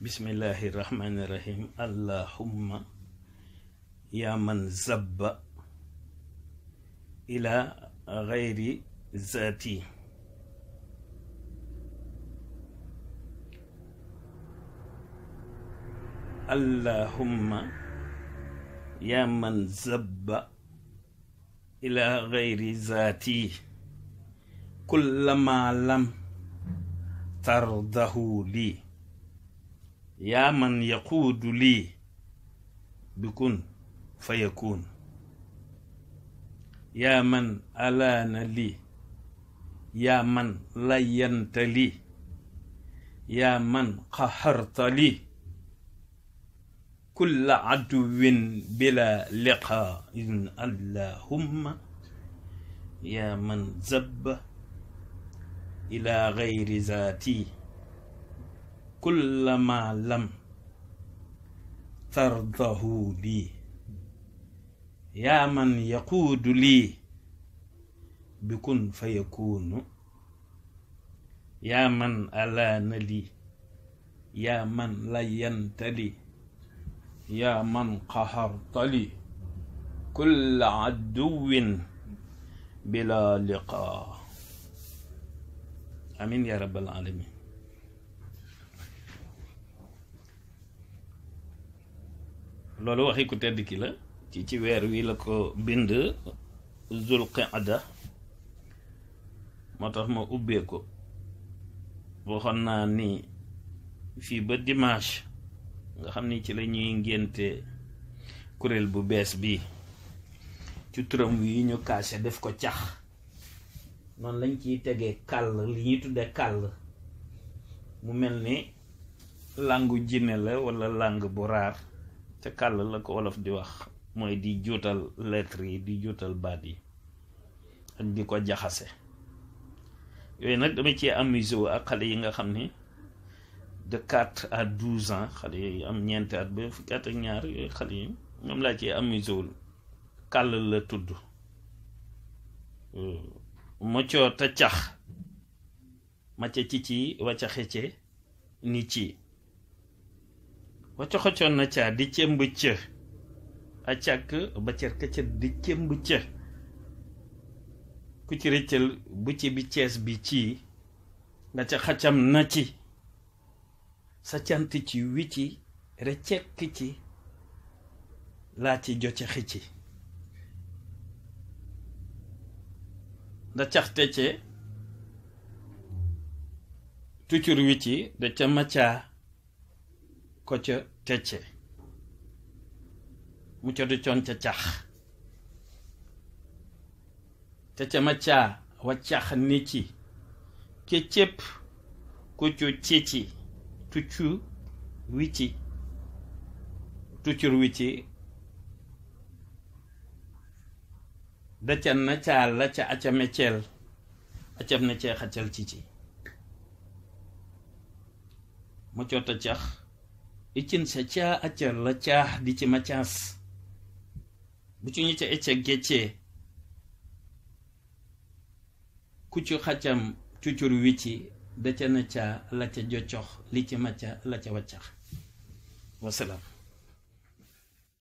بسم الله الرحمن الرحيم اللهم يا من زب إلى غير ذاتي اللهم يا من زب إلى غير ذاتي كل ما لم ترضه لي يا من يقود لي بكن فيكون يا من ألان لي يا من لينت لي يا من قهرت لي كل عدو بلا لقاء اللهم يا من زب إلى غير ذاتي كل ما لم ترضه بي يا من يقود لي بكن فيكون يا من ألان لي يا من لينت لي يا من قهرت لي كل عدو بلا لقاء امين يا رب العالمين loolu waxi ku tedd ki la ci ci weer wi la ko bind zul qaada moo tax ma ubbee ko waxoon naa ni fii ba dimanche nga xam ni ci lañuy ngénte kuréel bu bees bi ci turam wi ñu kaase def ko cax noonu lañ ciy tegee kàll li ñuy tuddee kàll mu mel ni làngu jinne la walla làng bu raar ca kàll la ko wolof di wax mooy di juutal lettre yi di juutal baat yi ak di ko jaxase yooyu nag dama cee amusé wu ak xale yi nga xam ne de quatre à douze ans xale yooyu am ñeenti ak ñaar yooyu xale yi ñoom laa cee amusé wul kàll la tudd moccoo ta cax ma ci ci wacca xecce ni ci wacce xoccoon na caa di cëmb cë a càkk ba cer ca di cëmb cë ku ci rëccal bu ci bi cees bi ci nga ca xaccam na ci sa cant ci wi ci recekk ci laa ci joce ci da caxte ce tucur wi ci da ca macaa ko ca tecce mu ca coon ca cax tecce ma caa wa cax ni ci ke cépp ku cu cici tuccu wici tuccur wici da ca na caa la ca aca mecceel acam na cee xacal cici mu coota cax la ci ca ikinshakya akyarlakyah dikimakyas bucinyikya ekyeggekye kucukhakyam cucur wici dakyana kya lakya jocokh likima kya lakya waccakh wasalaam